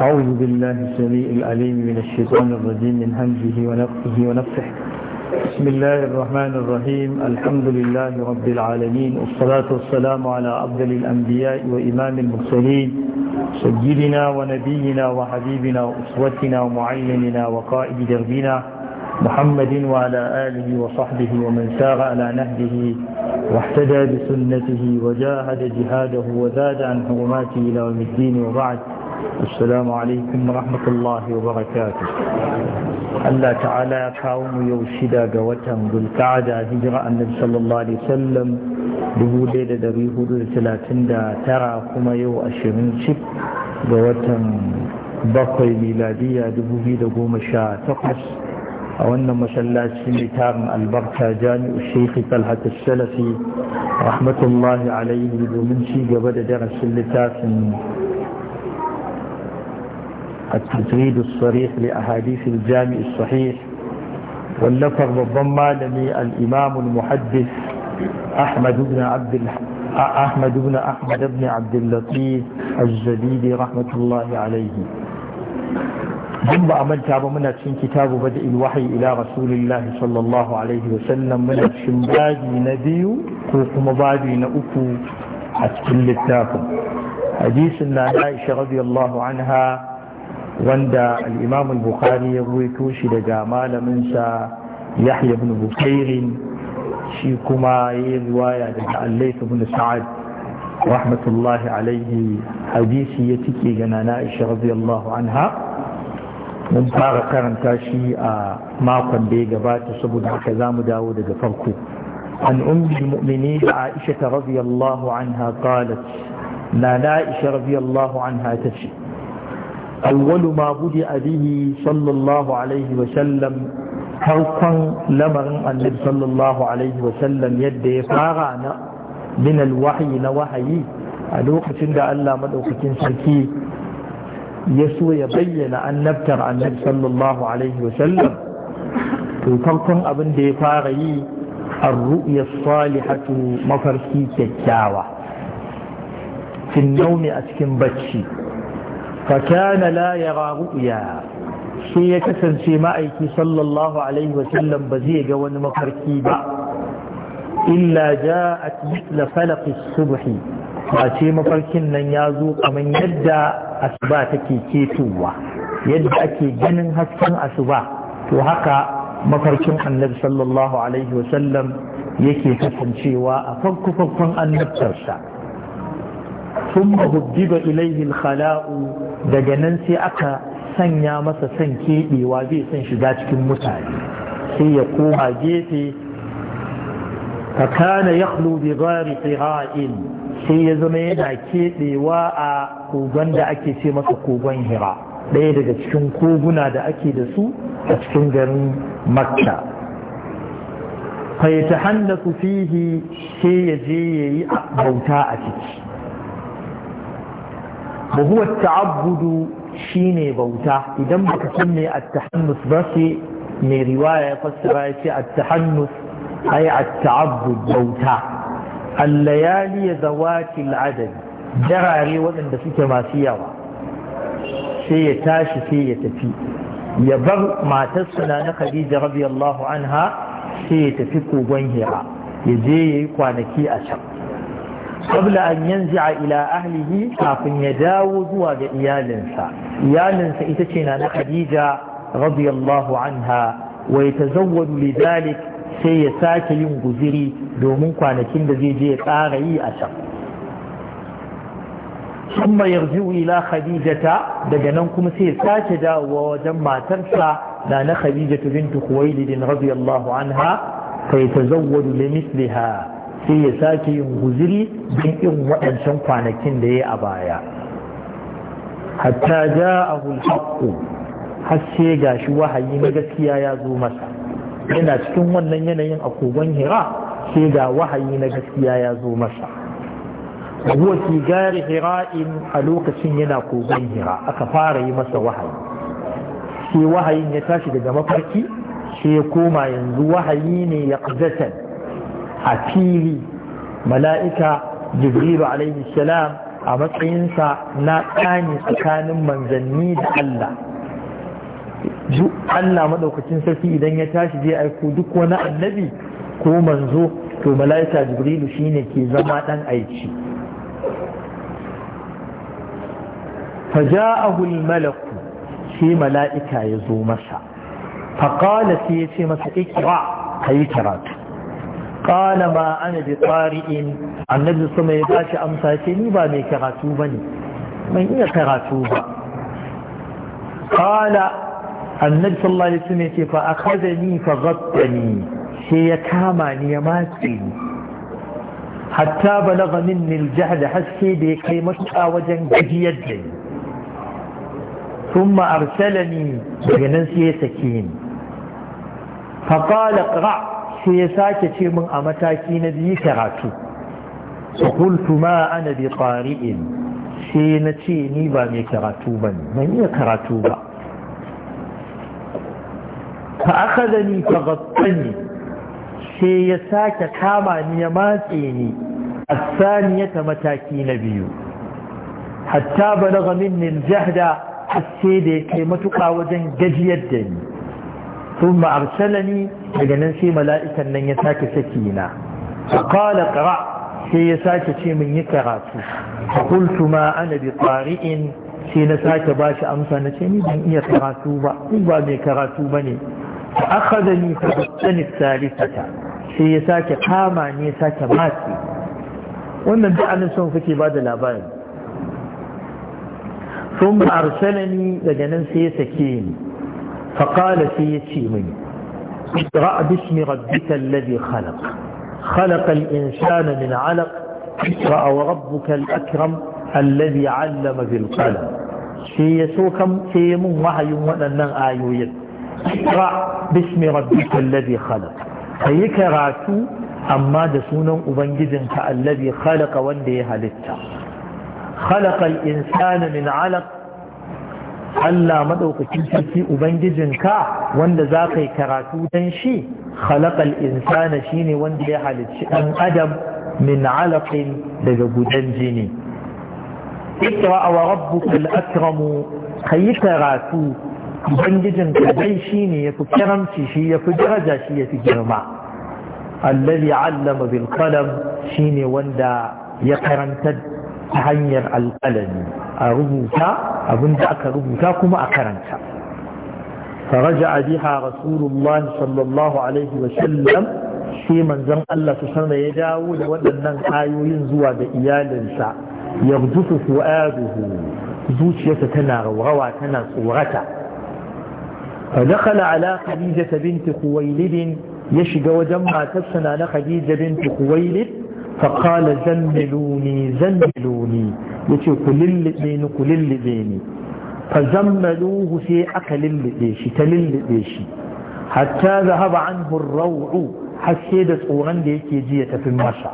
أعوذ بالله السميع العليم من الشيطان الرجيم من همزه ونفخه ونفخه بسم الله الرحمن الرحيم الحمد لله رب العالمين والصلاة والسلام على أفضل الأنبياء وإمام المرسلين سيدنا ونبينا وحبيبنا وأسوتنا ومعلمنا وقائد دربنا محمد وعلى آله وصحبه ومن سار على نهجه واحتدى بسنته وجاهد جهاده وزاد عن حرماته إلى يوم الدين وبعد السلام عليكم ورحمة الله وبركاته الله تعالى قوم يوشدا قوتهم بالقعدة هجرة النبي صلى الله عليه وسلم دبو ليلة دري هدو ثلاثين دا ترى كما يو أشرين شك قوتهم بقي ميلادية دبو بيدا قوم شاء تقص أو أن مسلاتي متام البركة جامع الشيخ طلحة السلفي رحمة الله عليه ومن شي قبل درس اللتاف التجريد الصريح لأحاديث الجامع الصحيح واللفظ الضمى لني الإمام المحدث أحمد بن عبد أحمد بن أحمد بن عبد اللطيف الجديد رحمة الله عليه ثم أملت أبو من أتشين كتاب بدء الوحي إلى رسول الله صلى الله عليه وسلم من أتشين بادي نبي وكما بادي نأكو أتشين للتاكم حديث عائشة رضي الله عنها wanda al bukari bukhari ya ruwaito shi daga malamin sa yahya ibn bukairin shi kuma yayi riwaya daga al-layth ibn sa'ad rahmatullahi alaihi hadisi ya tike ga nana aisha radiyallahu anha mun fara karanta shi a makon da ya gabata saboda haka zamu dawo daga farko عن أم المؤمنين عائشة رضي anha عنها قالت لا عائشة رضي anha ta تشي awwalu ma budi abihi sallallahu alaihi wa farkon lamarin annabi sallallahu alaihi yadda ya fara na min alwahyi na wahayi a lokacin da Allah madaukakin sarki ya so ya bayyana annabtar annabi sallallahu alaihi to abin da ya fara yi الرؤيا الصالحة مفرسي كتاوة في النوم أتكن bacci. fakana la yara ru'ya shi ya kasance ma'aiki sallallahu alaihi wasallam ba zai ga wani mafarki ba illa ja'at mithla falaq as-subh ba ce mafarkin nan ya zo kamar yadda asuba take ketowa yadda ake ganin hasken asuba to haka mafarkin annabi sallallahu alaihi wasallam yake kasancewa a farko farkon annabtarsa sun mahubbiba ilaihin khala'u daga nan sai aka sanya masa san keɓewa zai son shiga cikin mutane sai ya koma gefe ka kana ya bi sai ya zama yana keɓewa a kogon da ake ce masa kogon hira ɗaya daga cikin koguna da ake da su a cikin garin makka fa ya ta fihi sai ya je ya yi bauta a ciki wa huwa ta'abbudu shine bauta idan baka san me at ba sai mai riwaya ya fassara ya ce at ai ay bauta al-layali zawati al-adad jarare waɗanda suke masu yawa sai ya tashi sai ya tafi ya bar matarsa na na Khadija radiyallahu anha sai ya tafi kogon Hira ya je yayi kwanaki a can qabla an yanzi'a ila ahlihi kafin ya dawo zuwa ga iyalinsa iyalinsa ita ce na Khadija radiyallahu anha wa yatazawwadu lidhalik sai ya sake yin guziri domin kwanakin da zai je ya tsara yi a can ثم يرجع إلى خديجة دجنكم سيساك جاء وجمع ترسى لأن خديجة بنت خويلد رضي الله عنها فيتزوج لمثلها sai ya sake yin guziri don irin waɗancan kwanakin da ya a baya hatta ja a hulhaƙo haske ga shi wahayi na gaskiya ya zo masa yana cikin wannan yanayin a kogon hira sai ga wahayi na gaskiya ya zo masa Ruwa sigari gari in a lokacin yana kogon hira aka fara yi masa wahayi sai wahayin ya tashi daga mafarki sai koma yanzu wahayi ne ya ƙazatar a fili mala'ika jibrilu alaihi salam a matsayinsa na tsani tsakanin manzanni da Allah Allah maɗaukacin sarki idan ya tashi zai aiko duk wani annabi ko manzo to mala'ika jibrilu shine ke zama ɗan aiki فجاءه الملك في ملائكة يزومسا فقال سيتي مسا اقرأ كي تراتو قال ما أنا بطارئ النبي صلى الله عليه وسلم مي كراتو بني من إيه با قال النبي صلى الله عليه وسلم يتي فأخذني فغطني سيكامني يماتني حتى بلغ مني الجهد حسي بي كي مشقى وجن جدي ثم أرسلني بجنسي سكين فقال اقرأ sai ya sake ce min a mataki na biyu karatu qultu ma ana bi qari'in sai na ce ni ba mai karatu bane ban iya karatu ba fa akhadani fa ghattani sai ya sake kama ni ya matse ni ta mataki na biyu hatta balagha min al-jahda hasse da ya kai matuƙa wajen gajiyar da ni ثم ni? daga nan sai mala'ikan nan ya sake saki na qala ƙara sai ya sake ce min yi karatu qultu ma ana bi qari'in sai na sake bashi amsa na ce ni ban iya karatu ba In ba mai karatu ba ne. aka bane akhadani fa bastani thalithata sai ya sake kama ne sake matsi wannan da anan son kake ba da labarin sun ba arsalani daga nan sai ya sake ni faƙala sai ya ce mini اقرأ باسم ربك الذي خلق خلق الإنسان من علق اقرأ وربك الأكرم الذي علم بالقلم في يسوع كم في سيمون وحي ونن آيوين اقرأ باسم ربك الذي خلق اي كراتو أما دسونا أبنجزنك الذي خلق وانده هلتا خلق الإنسان من علق Allah maɗaukakin sarki Ubangijinka wanda za ka yi karatu don shi, khalaqal insana shine wanda ya halicci ɗan adam min alaƙin daga gudan jini. Ikra wa rabbukal akramu ka yi karatu Ubangijinka dai ne ya fi kiramci shi ya fi daraja shi ya fi girma. ya allama bil shi shine wanda ya karantar ta hanyar alƙalami a rubuta abinda aka rubuta kuma a karanta faraja abiha rasulullah sallallahu alaihi wa sallam sai manzon Allah su sanar ya dawo da waɗannan ayoyin zuwa ga iyalinsa yarjufu fu'aduhu zuciyarsa tana rawa tana tsorata فدخل على خديجة بنت خويلد يشق وجمع na لخديجة بنت خويلد فقال زملوني زملوني يتي كل كللبيني فزملوه في تل تللبيشي حتى ذهب عنه الروع حسيدة أوران ديكي في المشا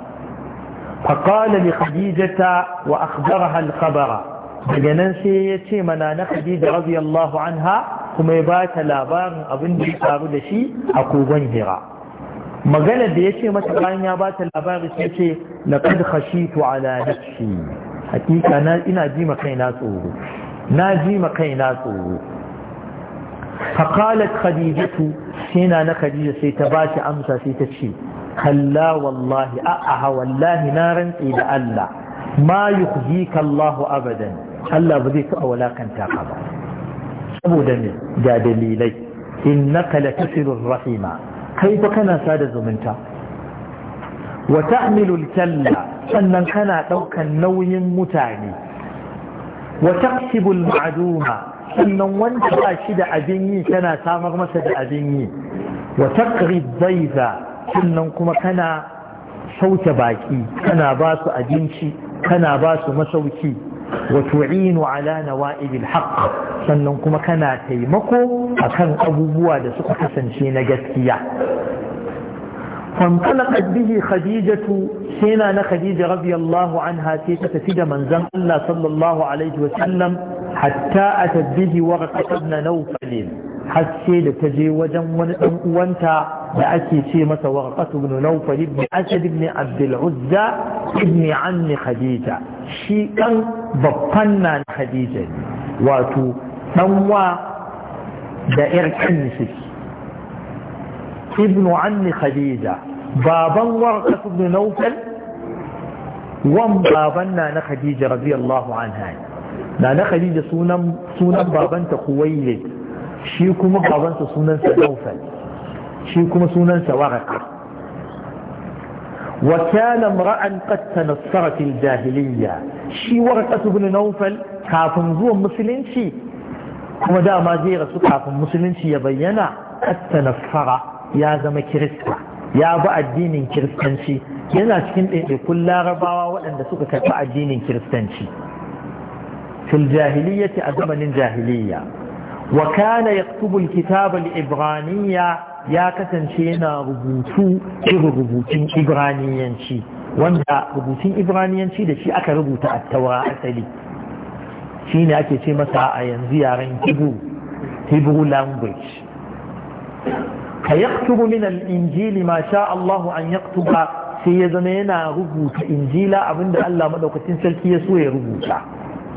فقال لخديجة وأخبرها الخبر بجنان سيتي منان خديجة رضي الله عنها كما يبات لابان أبن بيتار دشي أقوبان هرا maganar da ya ce mata bayan ya ba ta labari sai ce laqad khashitu ala nafsi hakika na ina ji ma kaina tsoro na ji ma kaina tsoro fa khadijatu sina na na khadija sai ta ba shi amsa sai ta ce kalla wallahi a'a wallahi na rantsi da Allah ma yukhzika Allah abadan Allah ba zai taɓa walakanta ka ba saboda ne ga dalilai innaka latasilur rahima kai fa kana sada zumunta wa ta'milul kalla sannan kana daukan nauyin mutane wa taqsibul ma'duma sannan wanda ba shi da abin yi kana samar masa da abin yi wa taqrid dayza sannan kuma kana sauke baki kana ba su abinci kana ba su masauki وتعين على نوائب الحق sannan kuma kana taimako a kan abubuwa da suka kasance na gaskiya fantalaqat bihi khadijatu sena na khadija radiyallahu anha sai ta tafi da manzon Allah sallallahu alaihi wa sallam hatta a tabbihi warqat ibn na har sai da ta je wajen wani dan uwanta da ake ce masa warqat ibn nawfal ibn asad ibn abd uzza ibn khadija shi ɗan babban na na ne wato ɗanwa da ‘yar kan suke ibnu anni Khadija baban warka ibn Nawfal wan baban na na Khadija radiyallahu anha na na Khadija sunan babanta Kuwailid shi kuma babansa sunansa Nawfal shi kuma sunansa Waraka وكان امرأ قد تنصر في الجاهلية شي ورقة بن نوفل كافن زو مسلنشي كما دا ما زي رسول كافن مسلنشي يبينا قد تنصر يا زما كريستا يا با الدين كريستانشي yana cikin ɗaiɗaikun larabawa waɗanda suka karɓi addinin kiristanci fil jahiliyyati a zamanin jahiliya wa kana yaktubu alkitaba al-ibraniyya ya kasance yana rubutu irin rubutun ibraniyanci wanda rubutun ibraniyanci da shi aka rubuta a taura asali shi ne ake ce masa a yanzu yaren hebrew hebrew language ka yaktubu min al-injili ma sha Allahu an yaktuba sai ya zama yana rubuta injila abinda Allah madaukakin sarki ya so ya rubuta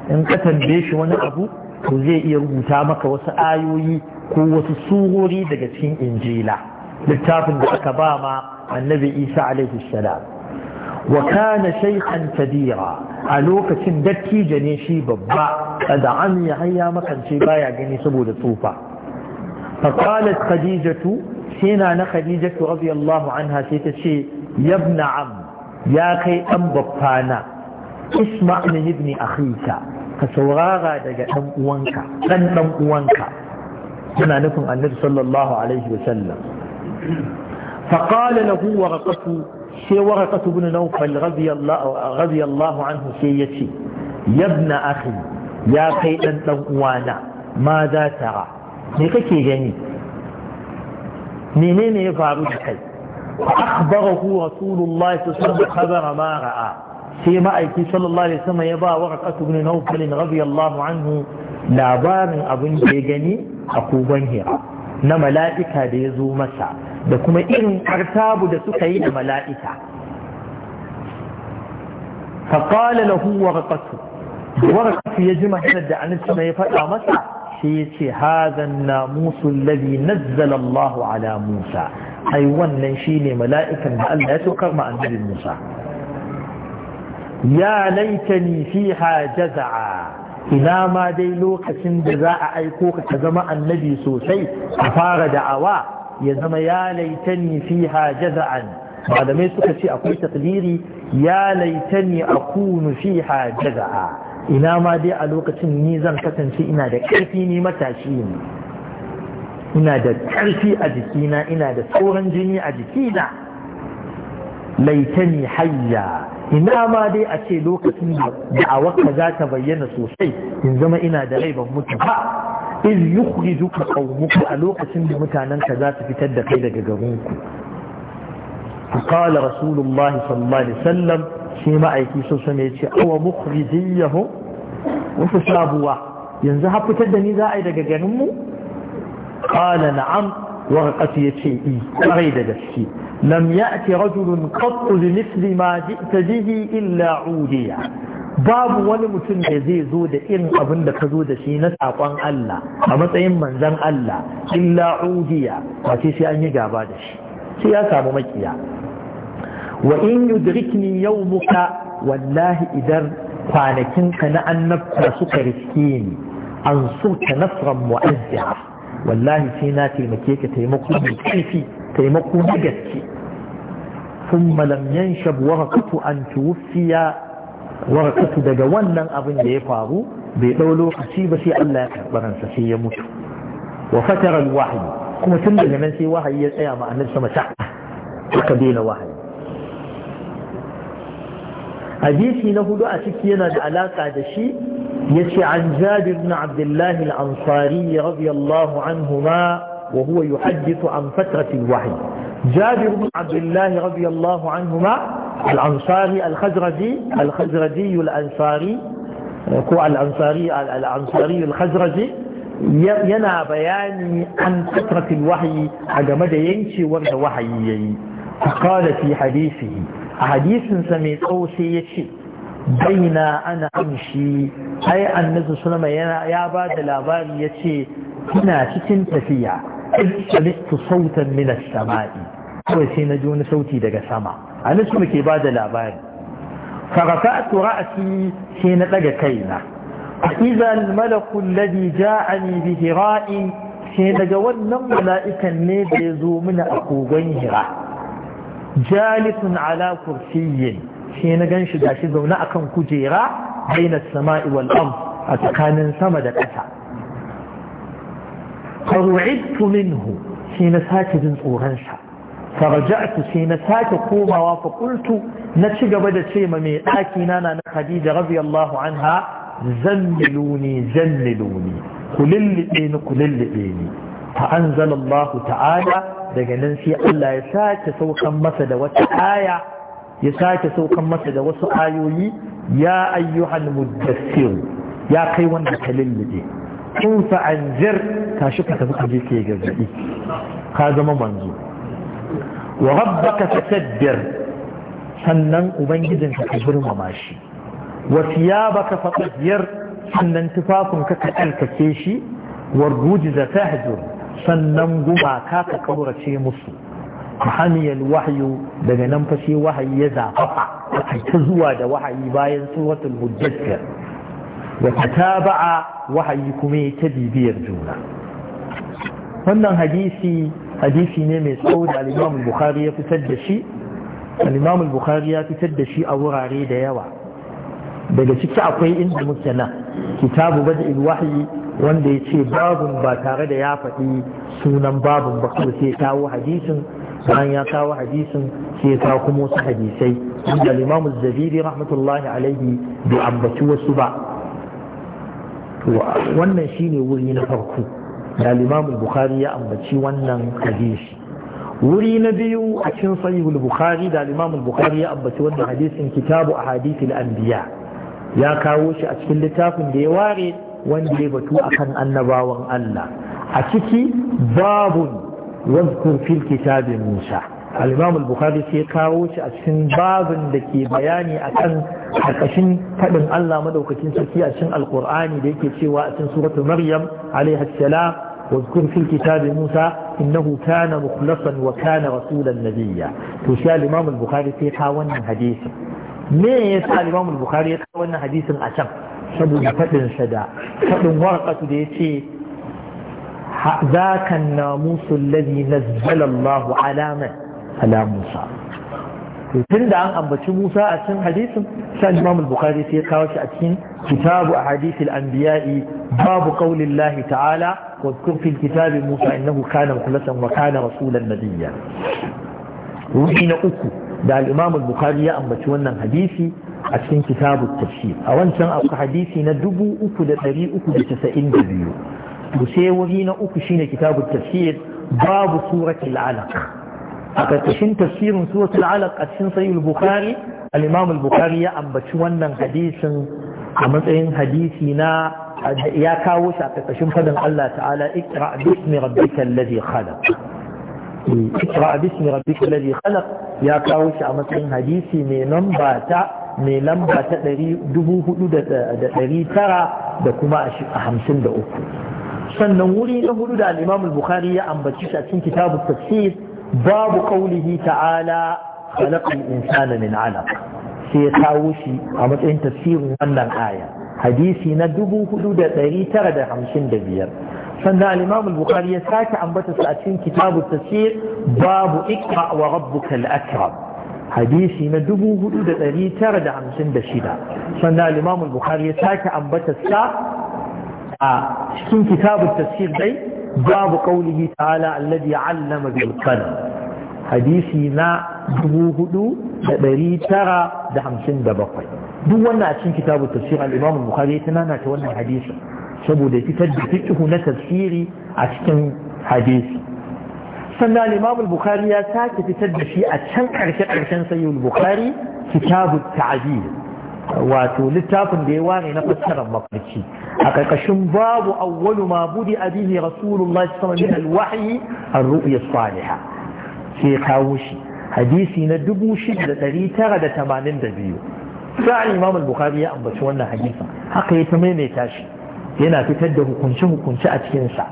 in ka tambaye shi wani abu to zai iya rubuta maka wasu ayoyi ko wasu surori daga cikin injila littafin da aka ba ma annabi isa alaihi salam wa kana shaykhan tadira a lokacin dattijo ne shi babba da amiya har ya makance baya gani saboda tsufa fa qalat khadijatu sina na khadijatu radiyallahu anha sai ta ce yabna am ya kai dan babbana isma' min ibni akhika ka saurara daga ɗan uwanka ɗan ɗan uwanka yana nufin annabi sallallahu alaihi wa sallam فقال radiyallahu anhu ya yabna akhi ya kai dan dan uwana ma za me kake gani menene ya faru da kai akhbarahu rasulullah sallallahu alaihi khabara ma ra'a sai ma'aiki sallallahu alaihi wasallam ya ba warqatu ibn nawfal radiyallahu anhu labarin abin da ya gani a kogon hira na mala'ika da ya zo masa da kuma irin artabu da suka yi da mala'ika faqala lahu warqatu warqatu ya ji maganar da annabi ya faɗa masa sai ya ce hadhan namusul ladhi nazzala Allah ala Musa ai wannan shine mala'ikan da Allah ya saukar ma annabi Musa ya laitani fiha jaza'a ina ma dai lokacin da za a aiko ka ka zama annabi sosai a fara da'awa ya zama ya laitani fiha jaza'an malamai suka ce akwai takliri ya laitani akunu fiha jaza'a ina ma dai a lokacin ni zan kasance ina da ƙarfi ni matashi ne ina da ƙarfi a jikina ina da sauran jini a jikina laitani hayya ina ma dai a ce lokacin da da'awarka za ta bayyana sosai in zama ina da rai ban mutu ba iz yukhrijuka qaumuka a lokacin da mutanen ka za su fitar da kai daga garin ku kala rasulullah sallallahu alaihi wasallam shi ma'aiki so sane yace awa mukhrijiyahu wasu sabuwa yanzu har fitar da ni za a yi daga garin mu na'am warqatu yace i kwarai da gaske lam ya'ti rajulun qattu bi misli ma ji'ta illa udiya babu wani mutum da zai zo da irin abin da ka zo da shi na sakon Allah a matsayin manzon Allah illa udiya ba sai an yi gaba da shi sai ya samu makiya wa in yudrikni muka. wallahi idan kwanakinka na annabta suka riske ni an surta nafran mu'azzira wallahi sai na taimake ka taimako mai ƙarfi taimako na gaske sun malamyan shabu warakatu an tuwufiya daga wannan abin da ya faru bai ɗau lokaci ba sai Allah ya karɓaransa sai ya mutu wa fatarar kuma tun da zaman sai wahayi ya tsaya ma annabi sama sha aka dena wahayi hadisi na hudu a ciki yana da alaka da shi yace an jabir ibn abdullah al-ansari radiyallahu anhuma wa huwa yuhaddithu an fatrat al jabir ibn abdullah radiyallahu al-ansari yana bayani an fatrat a game da yankewar da wahayi yayi فقال في حديثه a hadisinsa mai tsawo sai ya ce baina ana amshi ai annabi sunama ya ba da labari ya ce ina cikin tafiya sami'tu sautan min as-sama'i kawai sai na ji wani sauti daga sama annabi ke ba da labari فرفعت رأسي حين لقينا فإذا الملك الذي جاءني بهراء حين جوى النم ملائكا نيد يزومنا أقوغين هراء jalisun ala kursiyyin shi na gan shi gashi zaune akan kujera baina sama'i wal a tsakanin sama da ƙasa faru'idtu minhu shi na sake jin tsoronsa. sa faraja'tu na sake komawa faƙultu. na ci gaba da ce ma mai ɗaki na na Khadija radiyallahu anha zammiluni zammiluni kulillibe ni kulillibe ni ta'ala daga nan sai Allah ya sake saukan masa da wata aya ya sake saukan masa da wasu ayoyi ya ayyuhan muddassir ya kai wanda ka lullube in fa anzir tashi ka tafi kaje ke gargadi ka zama manzo wa rabbaka fasabbir sannan ubangijinka ka girmama shi wa thiyabaka fatahhir sannan tufafin ka tsarkake shi warguji za tahjur sannan gumaka ka kaurace musu haniyar wahayu daga nan fa sai wahayi ya zafafa ta zuwa da wahayi bayan suratul muddathir wa tataba'a wahayi kuma ya ta bibiyar juna wannan hadisi hadisi ne mai tsawo da al bukhari ya fitar da shi bukhari ya fitar da shi a wurare da yawa daga ciki akwai inda muke nan kitabu bada wahyi wanda ya ce babun ba tare da ya faɗi sunan babun ba kuma sai kawo hadisin bayan ya kawo hadisin sai ya kawo kuma wasu hadisai inda limamu zabiri rahmatullahi alaihi bai ambaci wasu ba wannan shine wuri na farko da limamu bukhari ya ambaci wannan hadisi wuri na biyu a cikin sahihul bukhari da limamu bukhari ya ambaci wannan hadisin kitabu ahadithil anbiya' ya kawo shi a cikin littafin da ya ware wanda ya batu akan annabawan Allah a ciki babun wazkur fil kitabi Musa al-Imam al-Bukhari sai kawo shi a cikin babun da ke bayani akan karkashin faɗin Allah madaukakin sarki a cikin al da yake cewa a cikin suratul Maryam alaiha salam wazkur fil kitabi Musa إنه كان مخلصا وكان رسولا نبيا تشاء الإمام البخاري kawo wannan hadisi me ya sa Imam al-Bukhari ya kawo wannan hadisin a can saboda fadin sa da fadin warqatu da yace ذاك الناموس الذي نزل الله على من على موسى tun da an ambaci Musa a cikin hadisin sai Imam al-Bukhari sai ya kawo shi a cikin kitabu ahadith al-anbiya'i babu qaulillahi ta'ala wa dhkur fil kitabi Musa innahu kana mukhlasan wa kana rasulan nabiyya ruhi na uku da al al-Bukhari ya ambaci wannan hadisi a cikin kitabu tafsir a wancan akwai hadisi na 3392 to sai wuri na uku shine kitabu tafsir babu suratul alaq a karkashin tafsirin suratul alaq a cikin sahih bukhari al al-Bukhari ya ambaci wannan hadisin a matsayin hadisi na ya kawo shi a karkashin fadin Allah ta'ala ikra bismi rabbikal ladhi khalaq اقرأ باسم ربك الذي خلق ya kawo shi a matsayin hadisi mai lamba ta tara da kuma hamsin da uku sannan wuri na hudu da al'imam bukhari ya ambaci shi a cikin kitabu tafsir babu kaulihi ta'ala khalaqal insana min alaq sai ya kawo shi a matsayin tafsirin wannan aya hadisi na biyar. sannan al-imam al-bukhari ya sake ambata su a cikin kitabu tafsir babu ikra wa rabbuka al hadisi na 4956 sannan al-imam al-bukhari ya sake ambata sa a cikin kitabu tafsir dai babu qawlihi ta'ala alladhi 'allama bil qalam hadisi na 4957 duk wannan a cikin kitabu tafsir al-imam al-bukhari ya tunana ta wannan hadisin saboda fitar da fiqh na tafsiri a cikin hadisi sannan Imam al-Bukhari ya sake fitar da shi a can karshe karshen Sahih al-Bukhari kitabu ta'dil wato littafin da ya ware na fassarar mafarki a ƙarƙashin babu awwalu ma budi abihi rasulullahi sallallahu alaihi wasallam al-wahyi ar-ru'ya as-salihah sai kawo shi hadisi na 6982 sai imam al-bukhari ya ambaci wannan hadisi haka ya ta maimaita shi yana fitar da hukunce-hukunce a cikinsa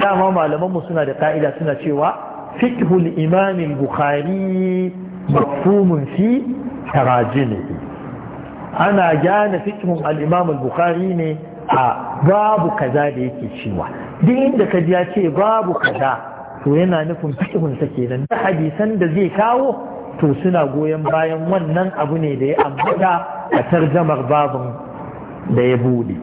dama malamanmu suna da ka'ida suna cewa fikhul imam bukhari mafhumun fi tarajimihi ana gane fikhun al bukhari ne a babu kaza da yake cewa duk inda ka ji ya ce babu kaza to yana nufin fikhunsa sa kenan da hadisan da zai kawo to suna goyon bayan wannan abu ne da ya ambata a tarjamar babun da ya bude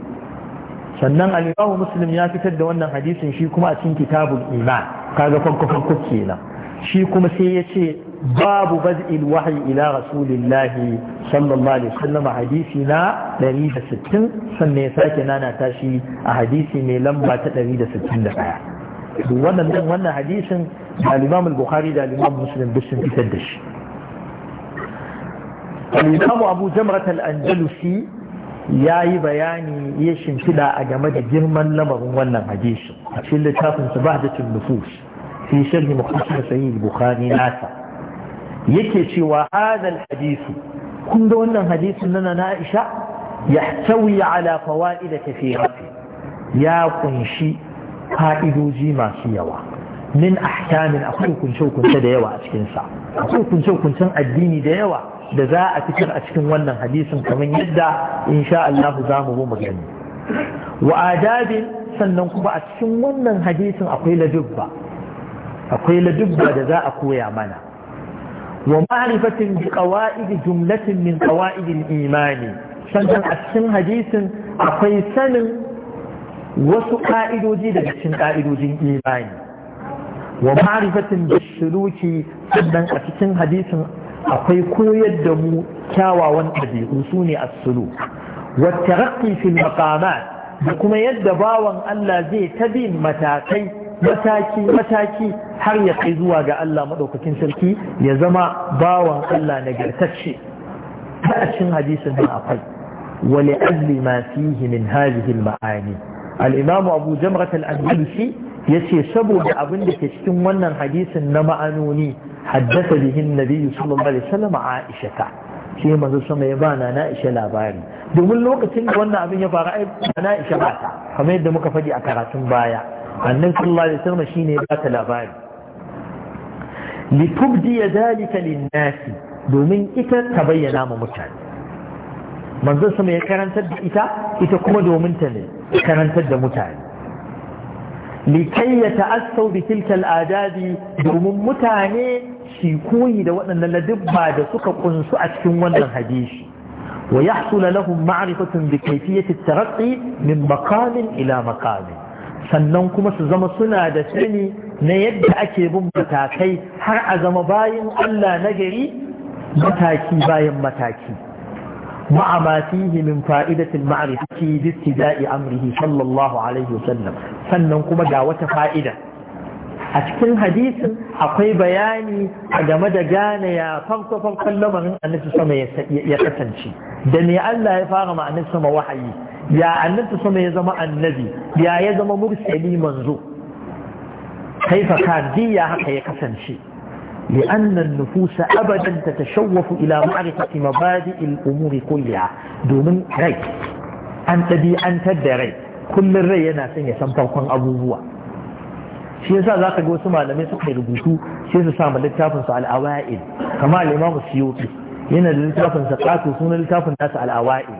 sannan al-Imam Muslim ya fitar da wannan hadisin shi kuma a cikin kitabul iman kaga farko farko nan, shi kuma sai ya ce babu baz'il wahyi ila rasulillahi sallallahu alaihi wasallam hadisi na 160 sannan ya sake nana tashi a hadisi mai lamba ta 161 wannan din wannan hadisin al-Imam bukhari da al-Imam Muslim duk sun fitar da shi al-Imam Abu Jamrah al-Andalusi ya yi bayani ya shimfiɗa a game da girman lamarin wannan hadisi a cikin littafin su bahdatun nufus fi sharhi muhammad sayi bukhari nasa yake cewa hadal hadisi kun ga wannan hadisin nana na Aisha yahtawi ala fawaid kathira ya kunshi fa'idoji masu yawa min ahkamin akwai kunce kunce da yawa a cikin sa akwai kunce kuncen addini da yawa da za a fitar a cikin wannan hadisin kamar yadda insha Allah za mu zo mu gani wa adabin sannan kuma a cikin wannan hadisin akwai ladubba akwai ladubba da za a koya mana wa ma'rifatin bi qawaid jumlatin min qawaid imani sannan a cikin hadisin akwai sanin wasu ka'idoji daga cikin ka'idojin imani wa ma'rifatin bi suluki sannan a cikin hadisin akwai koyar da mu kyawawan ɗabi'u su ne asulu wata raƙi fil da kuma yadda bawan Allah zai ta bin matakai mataki mataki har ya kai zuwa ga Allah maɗaukakin sarki ya zama bawan Allah nagartacce ta a cin hadisin nan akwai Wani azli ma fihi min hadhihi maani al-imam Abu Jamrat al ya ce saboda abin da ke cikin wannan hadisin na ma'anoni haddasa bihin nabi sallallahu alaihi wasallam aisha ta shi manzo sama ya bana na isha labari domin lokacin da wannan abin ya faru ai na isha ba ta kamar yadda muka faɗi a karatun baya annabi sallallahu alaihi wasallam shine ya bata labari litubdi dalika linnasi domin ita ta bayyana ma mutane manzo sama ya karantar da ita ita kuma domin ta ne karantar da mutane likai ya ta'assau bi adadi domin mutane shi koyi da waɗannan ladibba da suka kunsu a cikin wannan hadisi wa yahsul lahum ma'rifatun bi kayfiyati taraqqi min maqamin ila maqamin sannan kuma su zama suna da sani na yadda ake bin matakai har a zama bayan Allah nagari, mataki bayan mataki مع ما فيه من فائدة المعرفة باستداء أمره صلى الله عليه Sannan kuma كما wata fa'ida. a cikin hadisin akwai bayani game da gane ya farko farkon lamarin annabi sama ya kasance da ne Allah ya fara ma sama wahayi ya annabi sama ya zama annabi ya ya zama mursali manzo kaifa kadiya haka ya kasance لأن النفوس أبدا تتشوف إلى معرفة مبادئ الأمور كلها دون ري أنت بي أنت rai كل الري ya سنة سنفرقا abubuwa. shi yasa za ka ga wasu malamai suka rubutu sai su sa littafin su al'awa'il kama al'imamu siyoti yana da littafin sa ƙato sunan littafin nasa al'awa'il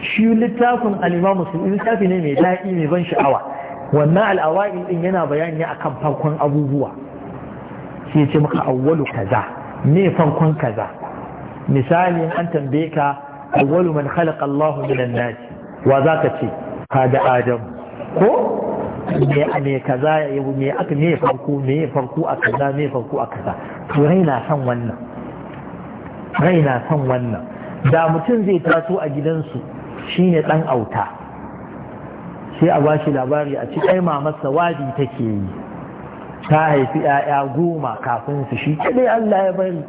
shi littafin al'imamu siyoti littafi ne mai daɗi mai ban sha'awa wannan al'awa'il din yana bayani ne akan fankon abubuwa Shi ya ce maka awwalu kaza me farkon kaza misali an tambaye ka awwalu man khalaqa Allahu minan nas wa zaka ce ka da Adam ko me kaza me aka me farko me farko a kaza me farko a kaza to rai san wannan rai san wannan da mutum zai taso a gidansu shine dan auta sai a bashi labari a ci ai mamarsa wadi take yi ta haifi 'ya'ya goma kafin su shi kadai Allah ya bari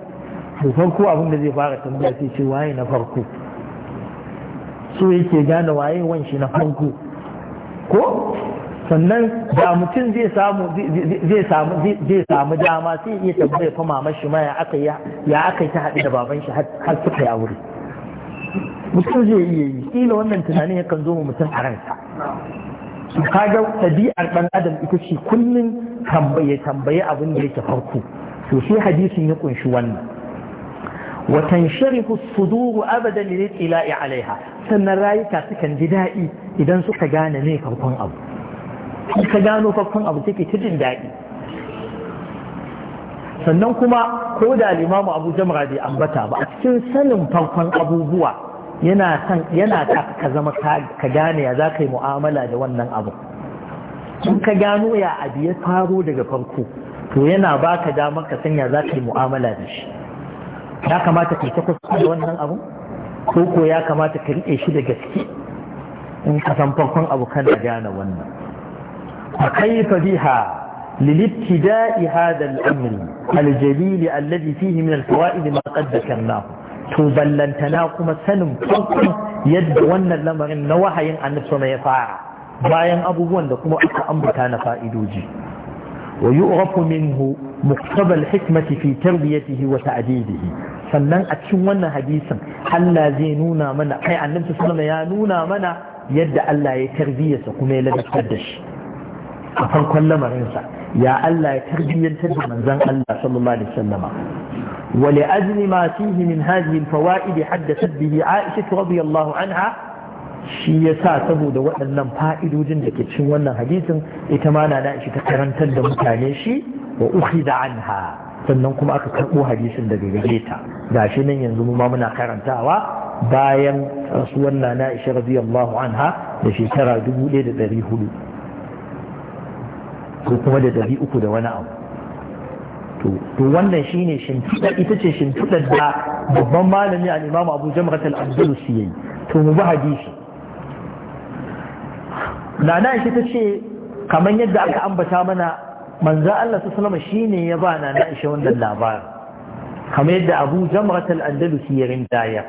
to farko abin da zai fara tambaya sai ce waye na farko so yake gane waye wanshi na farko ko sannan da mutum zai samu zai samu zai samu dama sai iya tambaya fa mama shi ma ya aka ya aka ta haɗu da baban shi har suka yi aure. mutum zai iya yi kila wannan tunanin yakan zo mu mutum a ransa kaga ɗabi'ar ɗan adam ita ce kullun tambaye tambaye abin da yake farko to sai hadisin ya kunshi wannan wa tansharihu suduru abadan lil ila'i alaiha sannan rayuka sukan ji daɗi idan suka gane ne farkon abu in ka gano farkon abu take ta jin daɗi sannan kuma ko da limamu abu jama'a bai ambata ba a cikin sanin farkon abubuwa yana san ka zama ka gane ya za ka yi mu'amala da wannan abu in ka gano ya abu ya faro daga farko to yana ba ka damar ka sanya za ka yi mu'amala da shi ya kamata ka yi ta da wannan abu ko ko ya kamata ka riƙe shi da gaske in ka san farkon abu kana gane wannan فكيف بها للابتداء هذا الأمر الجليل الذي فيه من الفوائد ما قد ذكرناه tuballantana kuma sanin kuku yadda wannan lamarin na wahayin annabi ya fara bayan abubuwan da kuma aka ambata na fa'idodi wa yu'rafu minhu muqtabal hikmati fi tarbiyatihi wa ta'didihi sannan a cikin wannan hadisin Allah zai nuna mana kai annabi ya nuna mana yadda Allah ya tarbiyarsa kuma ya ladabtar da shi a farkon lamarinsa ya Allah ya tarbiyyantar da manzon Allah sallallahu alaihi wasallam wa li ajli ma fihi min hadhihi al-fawaid haddathat bihi Aisha radiyallahu anha shi yasa saboda waɗannan fa'idojin da ke cikin wannan hadisin ita ma na Aisha ta karantar da mutane shi wa ukhida anha sannan kuma aka karɓo hadisin daga gare ta gashi nan yanzu mu ma muna karantawa bayan rasuwan na Aisha radiyallahu anha da shekara 1400 ko kuma da ɗari uku da wani abu to wannan shi ne shimfiɗa ita ce shimfiɗar da babban malami a imamu abu jamrat al-abdulusi yayi to mu bi hadisi nana shi ta ce kamar yadda aka ambata mana manzo Allah su salama shine ya ba nana ishe wannan labarin kamar yadda abu jamrat al-andalusi ya rindaya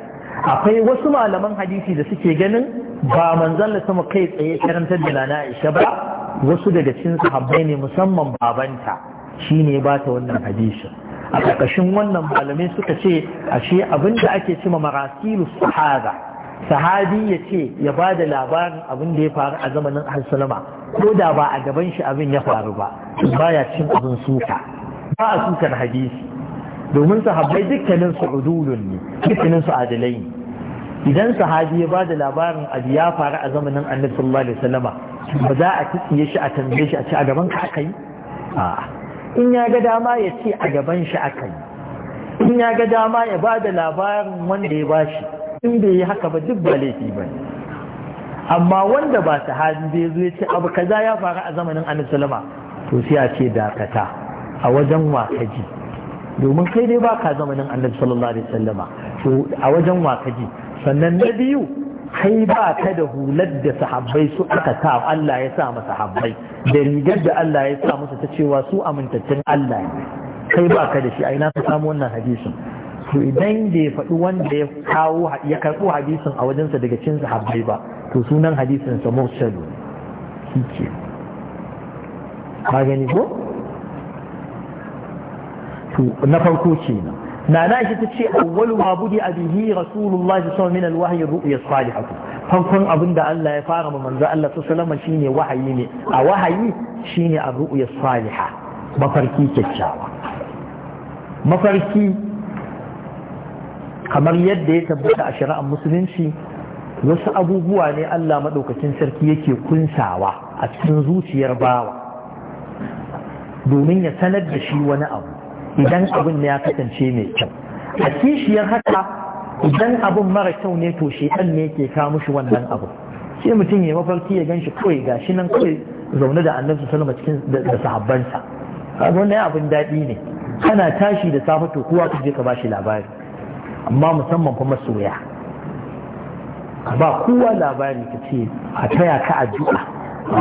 akwai wasu malaman hadisi da suke ganin ba manzo Allah sama kai tsaye karantar da nana ishe ba wasu daga cikin sahabbai ne musamman babanta shine ba ta wannan hadisin a ƙarƙashin wannan malamai suka ce ashe abinda ake cima marasilu sahaba sahabi ya ce ya ba da labarin abin da ya faru a zamanin alsalama ko da ba a gaban shi abin ya faru ba baya cin abin suka ba a sukar hadisi domin sahabbai dukkanin su udulun ne dukkanin su adalai ne idan sahabi ya ba da labarin abu ya faru a zamanin annabi sallallahu alaihi wasallama ba za a tsiye shi a tambaye shi a ce a gaban ka aka yi in ya ga dama ya ce a gaban shi aka yi in ya ga dama ya ba da labarin wanda ya ba shi in bai yi haka ba duk ba laifi ba amma wanda ba ta zai zo ya ce abu kaza ya faru a zamanin annabi sallama to sai a ce dakata a wajen wakaji domin kai dai baka zamanin annabi sallallahu alaihi wasallama to a wajen wakaji sannan na biyu kai ba ka da hular da sahabbai su aka sa Allah ya sa masa sahabbai da rigar da Allah ya sa musu ta cewa su amintaccen Allah ne kai ba ka da shi aina ina ka samu wannan hadisin to idan da ya faɗi wanda ya kawo ya karɓo hadisin a wajensa daga cin sahabbai ba to sunan hadisin sa mursalu shi ka gani ko to na farko kenan nana shi ta ce awwalu ma budi abihi rasulullahi sallallahu min alwahyi ru'ya salihatu farkon abin da Allah ya fara ma manzo Allah sallallahu alaihi shine wahayi ne a wahayi shine a ruya salihah mafarki kyakkyawa mafarki kamar yadda ya tabbata a shari'ar musulunci wasu abubuwa ne Allah maɗaukacin sarki yake kunsawa a cikin zuciyar bawa domin ya sanar da shi wani abu idan abin ya kasance mai kyau a kishiyar haka idan abin mara kyau ne to shekan ne ke kawo mushi wannan abu sai mutum ya mafarki ya gan shi kawai ga shi nan kawai zaune da annabi sallama cikin da sahabbansa abu ne abin daɗi ne kana tashi da safe to kowa ka je ka bashi labari amma musamman fa masoya ba kowa labari ka ce a taya ka addu'a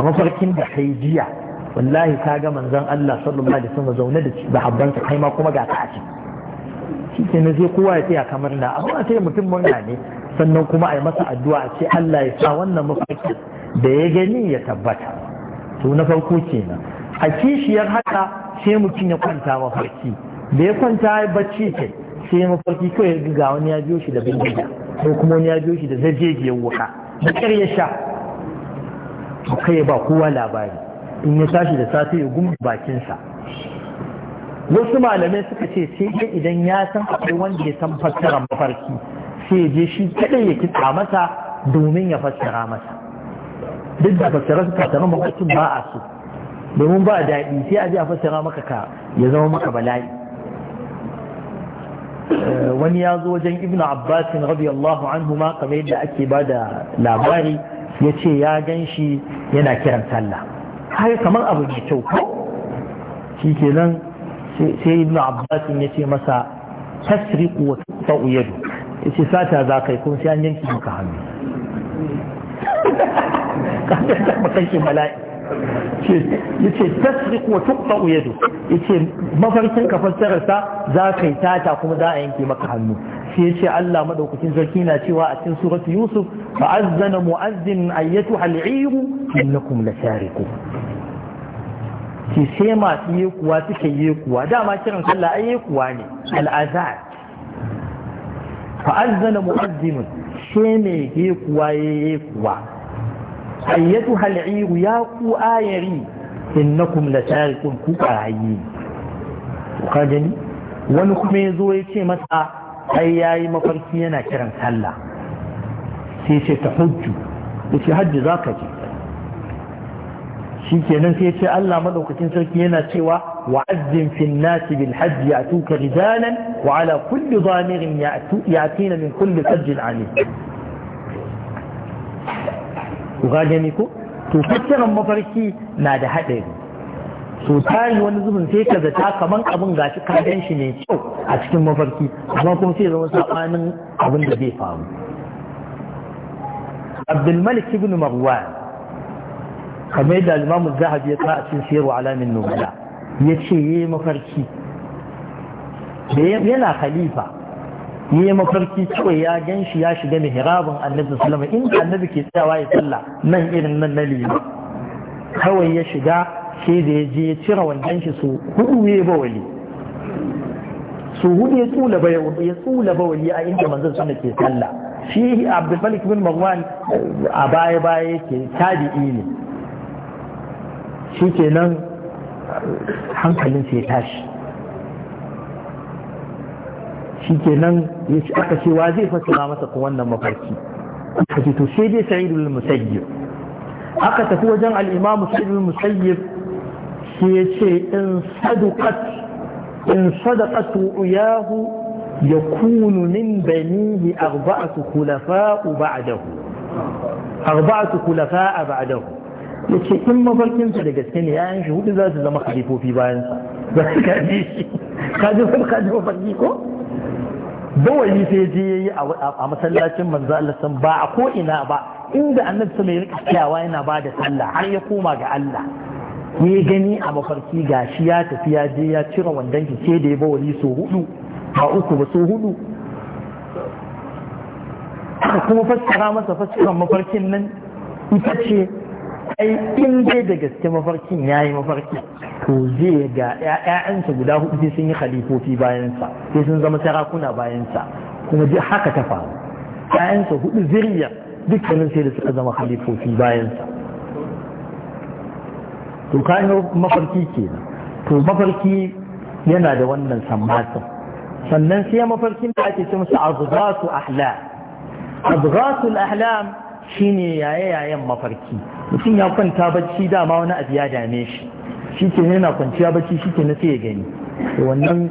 a mafarkin da kai jiya wallahi ka ga manzon Allah sallallahu alaihi wasallam zaune da habbansa kai ma kuma ga ka a ciki shi ke sai kowa ya tsaya kamar na amma sai mutum murna ne sannan kuma a yi masa addu'a a ce Allah ya sa wannan mafarki da ya gani ya tabbata to na farko kenan a kishiyar haka sai mutum ya kwanta mafarki da ya kwanta bacci ce sai mafarki kawai ya ga wani ya biyo shi da bindiga ko kuma wani ya biyo shi da zajejiyar wuka da ƙyar sha sha kai ba kowa labari in ya tashi da safe ya gumi bakinsa wasu malamai suka ce sai idan ya san akwai wanda ya san fassara mafarki sai ya je shi kadai ya kitsa masa domin ya fassara masa duk da fassara su fassara mafarkin ba a so domin ba daɗi sai a je a fassara maka ka ya zama maka bala'i eh, wani ya zo wajen ibnu abbasin radiyallahu anhu ma kamar yadda ake ba da labari ya ce ya gan shi yana kiran sallah kai kamar abu mai kyau ko shi nan sai ibnu abbas ya ce masa tasriqu wa tuqta'u yadu yace sata za kai kuma sai an yanki maka hannu kada ta makanki bala'i yace tasriqu wa tuqta'u yadu yace mafarkin ka fassarar sa za kai tata kuma za a yanke maka hannu sai ce Allah madaukakin sarki na cewa a cikin suratu yusuf fa'azzana mu'azzin ayyatu al'iru innakum lasariqu ki sai masu yi kuwa suke yi kuwa dama kiran sallah ai yi kuwa ne fa azana mu'azzimin sai me yi kuwa yi kuwa ayyatu hal'iru ya ku ayari innakum la tariqun ku qarayi ka gani wani kuma ya zo ya ce masa ai yayi mafarki yana kiran sallah sai sai ta hujju yace hajji zaka je shi kenan sai ce Allah madaukakin sarki yana cewa wa'azzin fin nasi bil hajji ya'tuka rijalan wa ala kulli dhamirin ya'tina min kulli fajjin alim ku ko to mafarki na da haɗari so tayi wani zubin sai ka zata kaman abin gashi ka shi ne kyau a cikin mafarki amma kuma sai zama sabanin abin da zai faru Abdulmalik ibn Marwan kamar da alimamu zahabi ya a cikin sayarwa alamin nubala ya ce ya yi mafarki yana khalifa ya yi mafarki cewa ya gan shi ya shiga mihrabin annabi sallama inda annabi ke tsayawa ya sallah nan irin nan na lima kawai ya shiga sai da ya je ya cire wandan shi su hudu ya bawali su hudu ya tsula ba ya tsula a inda manzon sunna ke sallah shi abdul malik bin marwan a baya baya yake tabi'i ne ke nan hankalin ya tashi shi ke nan ya ci aka cewa zai fasara masa ko wannan mafarki aka ce to sai dai sa'idul musayyib aka tafi wajen al'imamu sa'idul musayyib sai ya ce in saduqat in sadaqat ru'yahu yakunu min banihi arba'atu khulafa ba'dahu arba'atu khulafa ba'dahu ya ce in mafarkinsa da gaske ne yayan shi hudu za su zama bayan bayansa za su kaji shi kaji wani kaji mafarki ko bawali sai je ya yi a masallacin manzo Allah ba a ko ina ba inda annabi sama mai rika tsayawa yana ba da sallah har ya koma ga Allah ya gani a mafarki gashi ya tafi ya je ya cire wandan ki ce da ya bawali so hudu ba uku ba so hudu kuma fassara masa fassarar mafarkin nan ita ce ai in dai da gaske mafarkin ya yi mafarki to zai ga ‘ya'yansa guda hudu sai sun yi khalifofi bayan sa sai sun zama sarakuna bayan sa kuma duk haka ta faru ‘ya'yansa hudu zirya dukkanin sai da suka zama khalifofi bayan sa to kayan mafarki ke nan to mafarki yana da wannan sammatin sannan sai mafarkin da ake ce masa azghasu ahlam azghasul ahlam shine yaye-yayen mafarki mutum ya kwanta bacci dama wani abu ya dame shi shi ke yana kwanciya bacci shi ke na ya gani wannan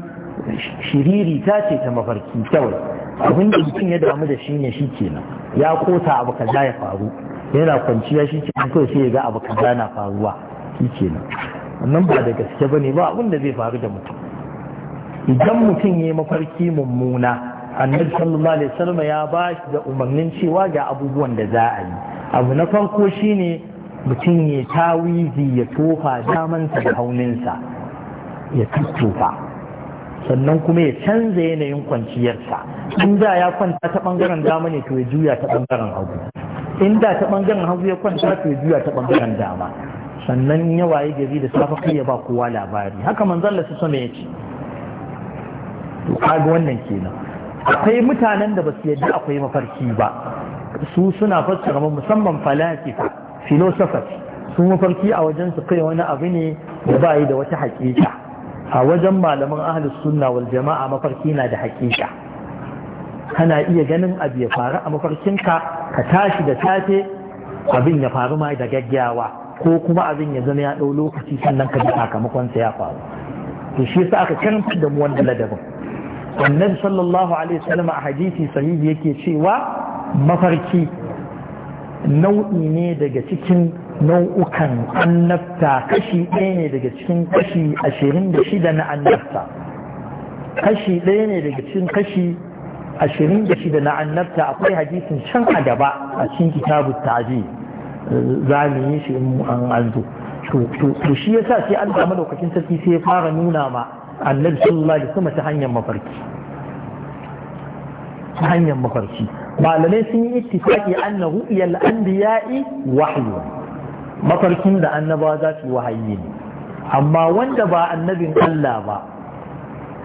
shiriri ta ce ta mafarki kawai abin da mutum ya damu da shi ne shi ke nan ya kota abu kaza ya faru yana kwanciya shi ke nan kawai sai ya ga abu kaza na faruwa shi ke nan wannan ba da gaske ba ne ba abin da zai faru da mutum idan mutum ya yi mafarki mummuna annabi sallallahu alaihi wasallam ya ba shi da umarnin cewa ga abubuwan da za a yi abu na farko shine mutum ya tawizi ya tofa damansa da hauninsa ya tuttufa sannan kuma ya canza yanayin kwanciyarsa in da ya kwanta ta bangaren dama ne to ya juya ta bangaren hagu in da ta bangaren hagu ya kwanta to ya juya ta bangaren dama sannan ya waye gari da safe ya ba kowa labari haka manzon Allah alaihi sama ya ce to kaga wannan kenan akwai mutanen da ba su yadda akwai mafarki ba su suna fassara musamman falasifa filosofas su mafarki a wajen su kai wani abu ne da ba yi da wata hakika a wajen malaman ahalus sunna wal jama'a mafarki na da hakika kana iya ganin abu ya faru a mafarkinka ka tashi da safe abin ya faru ma da gaggawa ko kuma abin ya zama ya ɗau lokaci sannan ka ji sakamakonsa ya faru to shi yasa aka karanta da mu wanda ladabin Wannan sallallahu alaihi wasallam a hadisi sahihi yake cewa mafarki nau'i ne daga cikin nau'ukan annabta kashi ɗaya ne daga cikin kashi ashirin da shida na annabta kashi ɗaya ne daga cikin kashi ashirin da shida na annabta akwai hadisin can a gaba a cikin kitabu taji za mu yi shi in an zo to shi yasa sai an samu lokacin sarki sai ya fara nuna ma annabi sallallahu alaihi wasallam ta hanyar mafarki ta hanyar mafarki malamai sun yi ittifaqi anna ru'yal anbiya'i wahyu mafarkin da annaba za su wahayi ne amma wanda ba annabin Allah ba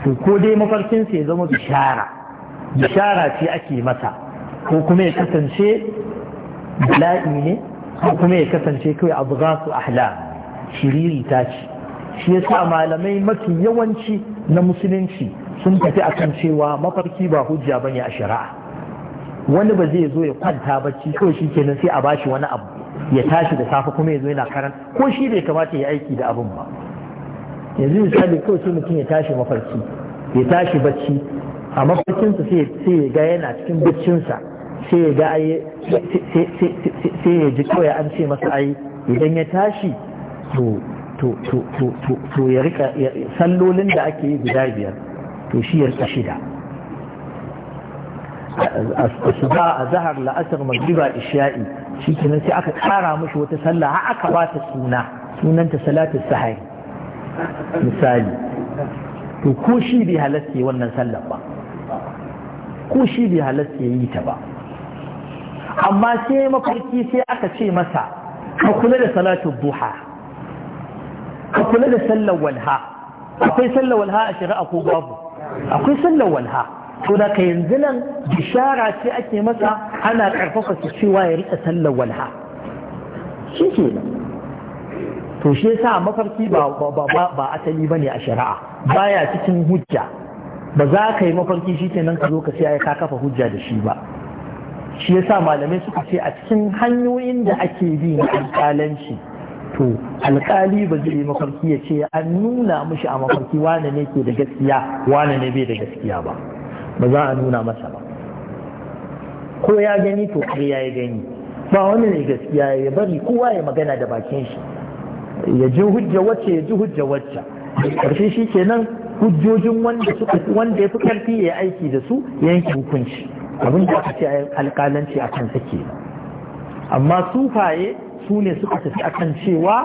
to ko dai mafarkin sai ya zama bishara bishara ce ake masa ko kuma ya kasance bala'i ne ko kuma ya kasance kawai abu za su ahla shiriri ta ce shi yasa malamai mafi yawanci na musulunci sun tafi kan cewa mafarki ba hujja bane a shari'a wani ba zai zo ya kwanta bacci ko shi kenan sai a bashi wani abu ya tashi da safe kuma ya zo yana karan ko shi bai kamata ya aiki da abun ba yanzu misali kawai sai mutum ya tashi mafarki ya tashi bacci a mafarkinsa sai ya ga yana cikin baccinsa sai ya ga sai ya ji kawai an ce masa ai idan ya tashi to to ya rika sallolin da ake yi guda biyar to shi ya rika shida asuba a zahar la'asar magriba isha'i shi sai aka kara mashi wata sallah ha aka ba ta suna sunanta salatu sahari misali to ko shi bai halatta yi wannan sallar ba ko shi bai halatta yi ta ba amma sai mafarki sai aka ce masa ka kula da salatu duha ka kula da sallar walha akwai sallar walha a shari'a ko babu akwai sallar walha to da ka yanzu nan bishara ce ake masa ana karfafa su cewa ya rika sallar walha shi ke to shi yasa mafarki ba ba asali bane a shari'a baya cikin hujja ba za ka yi mafarki shi nan ka zo ka ce ka kafa hujja da shi ba shi yasa malamai suka ce a cikin hanyoyin da ake bi na alƙalanci to alƙali ba zai yi mafarki ya ce an nuna mushi a mafarki wane ne ke da gaskiya wane ne bai da gaskiya ba ba za a nuna masa ba ko ya gani to kai ya gani ba wani ne gaskiya ya bari kowa ya magana da bakin shi ya ji hujja wacce ya ji hujja wacce ƙarshe shi kenan hujjojin wanda suka wanda ya fi karfi ya aiki da su yanke hukunci abin da aka ce alƙalanci a sake amma sufaye su ne suka tafi akan cewa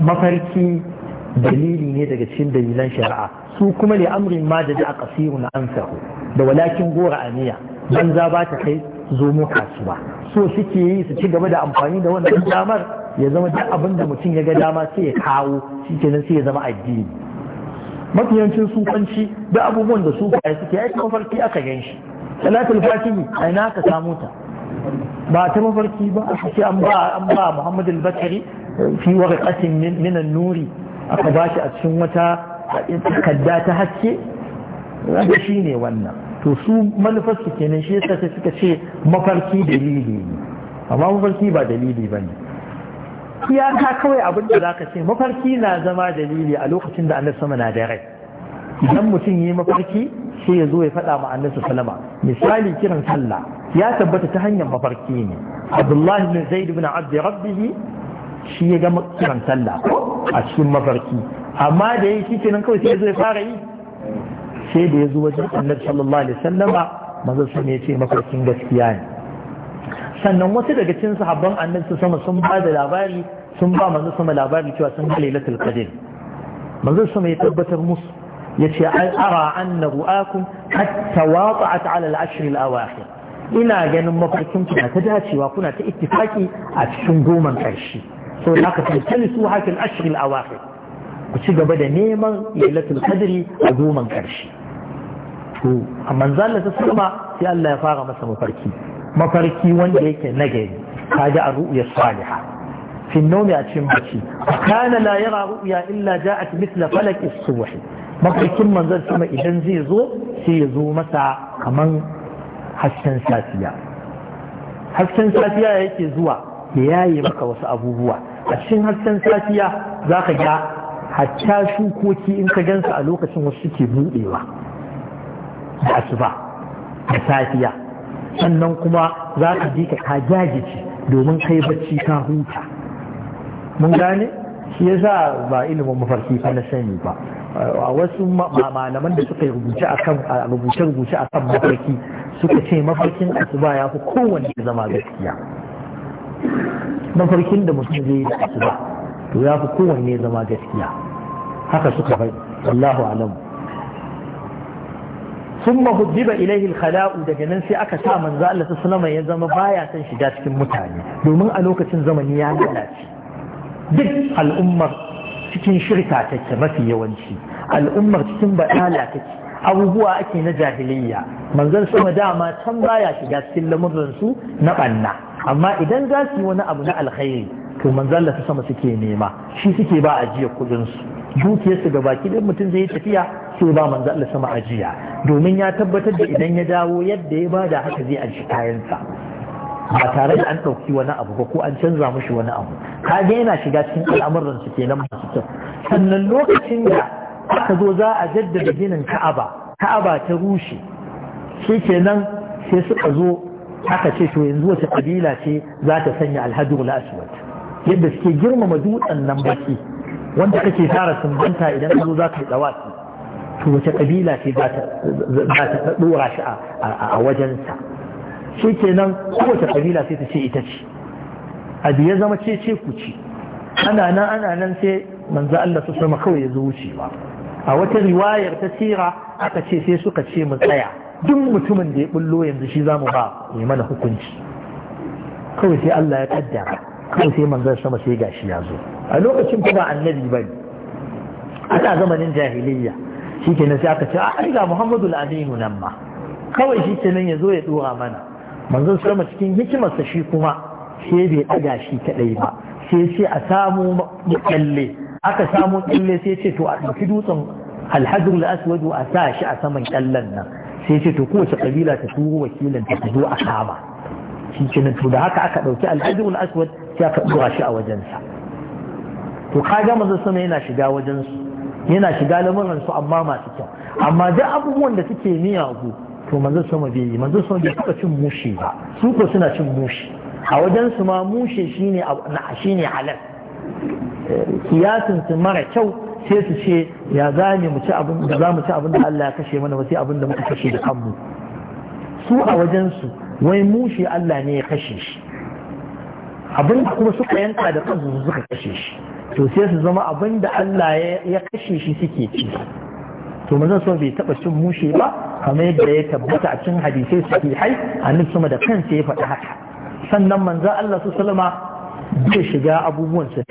mafarki dalili ne daga cikin dalilan shari'a su kuma ne amrin ma da a na ansahu da walakin gora aniya banza ba ta kai zomo kasuwa so suke yi su ci gaba da amfani da wannan damar ya zama duk abin da mutum ya ga dama sai ya kawo shi kenan sai ya zama addini mafiyancin sufanci da abubuwan da sufaye suke aiki mafarki aka gan shi salatul fatihi a ina ka samu ta ba ta mafarki ba sai an ba an ba Muhammad al-Bakari eh, fi warqatin min an-nuri aka bashi a cikin wata kadda ta haske wanda shine wannan to su manufar kenan shi yasa sai suka ce mafarki dalili ne amma mafarki ba dalili bane ka kawai abin da zaka ce mafarki na zama dalili a lokacin da annabi sama na da rai idan mutum yi mafarki sai ya zo ya faɗa ma annabi sallama misali kiran sallah ya tabbata ta hanyar mafarki ne abdullahi bin zaid bin abd rabbih shi ya gama kiran sallah a cikin mafarki amma da yayi shi kenan kawai sai zai fara yi sai da ya zo wajen annabi sallallahu alaihi sallama!" maza su ne ce mafarkin gaskiya ne sannan wasu daga cikin sahabban annabi su sama sun ba da labari sun ba manzo sama labari cewa sun ga lailatul qadr manzo sama ya tabbatar musu yace ai ara anna ru'akum hatta wata'at ala al-ashr al-awakhir ina ganin mafarkin na ta dacewa kuna ta ittifaki a cikin goman ƙarshe so da aka tantali su hakin ashirin awafi ku ci gaba da neman lailatul qadri a goman ƙarshe to a manzala ta sama sai Allah ya fara masa mafarki mafarki wanda yake nagari kaga a ru'ya salihah fi nomi a cikin bacci kana la yara ru'ya illa ja'at mithla falak as-subh mafarkin manzan sama idan zai zo sai ya zo masa kaman hasken safiya hasken safiya yake zuwa ya yaye maka wasu abubuwa a cikin hasken safiya za ka ga hatta shukoki in ka gansu a lokacin wasu suke buɗewa da asuba da safiya sannan kuma za ka je ka jajice domin kai bacci ka huta mun gane shi yasa ba ilimin mafarki fa na sani ba a wasu malaman da suka yi rubuce akan rubuce rubuce mafarki suka ce mafarkin asuba ya fi kowanne zama gaskiya mafarkin da mutum zai yi da asuba to ya fi kowanne zama gaskiya haka suka bai Allahu alam sun mahuddiba ilaihi khala'u daga nan sai aka sa manzo Allah ta sunama ya zama baya son shiga cikin mutane domin a lokacin zamani ya lalace duk al'ummar cikin shirka take mafi yawanci al'ummar cikin badala take abubuwa ake na jahiliyya manzon sama dama can baya shiga cikin lamuransu na banna amma idan za su yi wani abu na alkhairi to manzon Allah sama suke nema shi suke ba ajiya kudin su dukiyar su gabaki mutum zai yi tafiya sai ba manzon Allah sama ajiya domin ya tabbatar da idan ya dawo yadda ya bada haka zai aji kayansa ba tare da an ɗauki wani abu ba ko an canza mushi wani abu kaga yana shiga cikin al'amuran su kenan masu kyau sannan lokacin da aka zo za a jaddada ginin ka'aba ka'aba ta rushe shi nan sai suka zo aka ce to yanzu wace kabila ce za ta sanya alhajjul aswad yadda suke girmama dutsen nan baki wanda kake tara sumbanta idan ka zo za ka yi dawaki to wace kabila ce za ta dora shi a wajensa shi nan kowace kabila sai ta ce ita ce abu ya zama ce ce ku ce? ana nan ana nan sai manzo Allah su sama kawai ya zo wucewa a wata riwayar ta sira aka ce sai suka ce mu tsaya duk mutumin da ya bullo yanzu shi za mu ba ya mana hukunci kawai sai Allah ya kaddara kawai sai manzon sama sai gashi ya zo a lokacin kuma annabi bane ana zamanin jahiliyya shi kenan sai aka ce a ai ga Muhammadu al-Aminu nan ma kawai shi ya zo ya dora mana manzon sama cikin hikimarsa shi kuma sai bai ɗaga shi kaɗai ba sai ce a samu kyalle aka samu kyalle sai ce to a ɗauki dutsen alhajjul aswadu a sa shi a saman kyallen nan sai ce to kowace kabila ta turo wakilin ta zo a kama shi ce to da haka aka ɗauki alhajjul aswad sai aka ɗora shi a wajensa to kaga manzo sama yana shiga wajensu yana shiga lamuran su amma masu kyau amma duk abubuwan da suke miyagu to manzo sama bai yi manzo sama bai taɓa cin mushe ba su ko suna cin mushe a wajensu ma mushe shine shine halal eh, kiyasin su mara kyau sai su ce ya ci abin da za mu ci abin da Allah ya kashe mana ba sai abin da muka kashe da kanmu su a wajensu wai mu Allah ne ya kashe shi abin da kuma suka yanka da kansu su suka kashe shi to sai su zama abin da Allah ya kashe shi suke ci to manzon so bai taba cin mushe ba kamar yadda ya tabbata a cikin hadisai sahihai a sama da kansa ya faɗi haka sannan manzon Allah su salama bai shiga abubuwan sa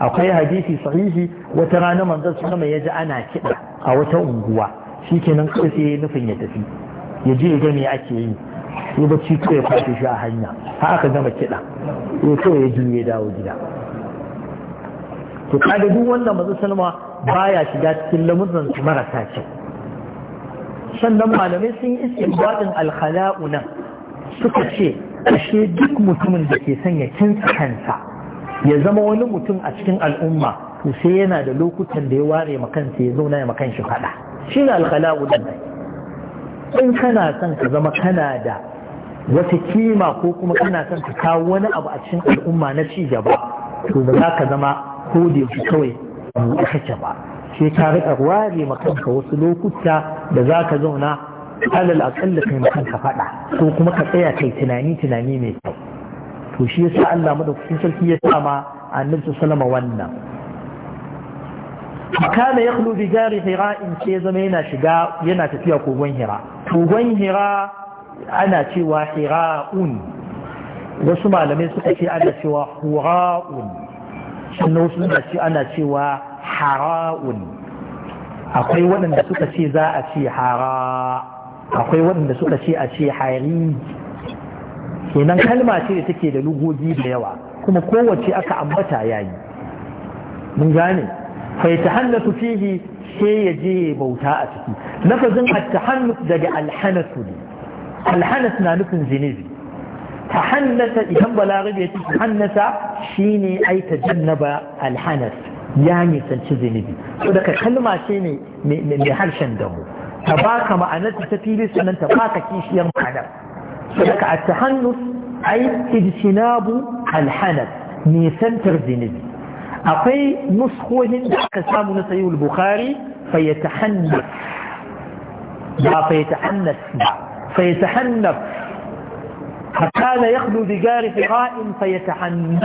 akwai hadisi sahihi wata rana manzon sallama ya ji ana kiɗa a wata unguwa shi kawai sai ya nufin ya tafi ya je ya ga me ake yi sai bacci kawai ya fashe shi a hanya har aka gama kiɗa Ya kawai ya juye dawo gida to kaga duk wanda manzon sallama baya shiga cikin lamuran marasa kyau sannan malamai sun yi istinbadin alkhala'u nan suka ce ashe duk mutumin da ke sanya kinsa kansa ya zama wani mutum a cikin al'umma to sai yana da lokutan da ya ware makansa ya zauna ya makan shi fada shi ne alkhala'u din in kana son ka zama kana da wata kima ko kuma kana son ka kawo wani abu a cikin al'umma na ci gaba to ba za ka zama ko da kawai abu kake ba sai ka rika ware makanka wasu lokuta da za ka zauna alal aƙalla kai makanka fada ko kuma ka tsaya kai tunani tunani mai kyau to shi yasa Allah madaukakin sarki ya sa ma annabi sallama wannan kana yakhlu bi jari hira in sai zama yana shiga yana tafiya kogon hira kogon hira ana cewa hira'un wasu malamai suka ce ana cewa hura'un sannan wasu suna ce ana cewa hara'un akwai waɗanda suka ce za a ce hara akwai waɗanda suka ce a ce hari kenan kalma ce da take da lugogi da yawa kuma kowace aka ambata yayi mun gane fa tahannatu fihi sai ya je bauta a ciki lafazin at-tahannut daga al-hanatu al-hanat na nufin zinubi tahannata idan balarabe ya ce tahannata shine ai tajannaba alhanat ya nisanci zinubi to daga kalma ce ne mai harshen damu ta baka ma'anar ta fili sannan ta baka kishiyar ma'anar فلك التحنث أي اجتناب الحنث نيسان ترزيني أقي نسخوهن كسام نسيو البخاري فيتحنث لا فيتحنث لا فيتحنث فكان يخلو بجار قائم فيتحنث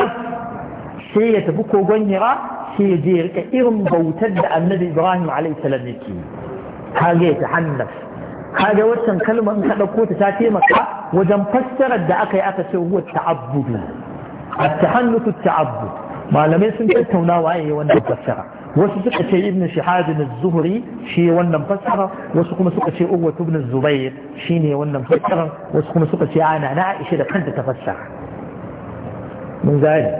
شيء يتبكو غنرا شيء يجير إرم بوتد النبي إبراهيم عليه السلام هذا يتحنث هذا وشن كلمة انت لو كنت تاتي مكة wajen fassarar da aka yi aka ce huwa ta'abbudu at-tahannuthu ta'abbud malamai sun tattauna waye wannan fassara wasu suka ce ibn shihab ibn zuhri shi wannan fassara wasu kuma suka ce uwa ibn zubair shine wannan fassara wasu kuma suka ce ana na aisha da kanta ta fassara mun gane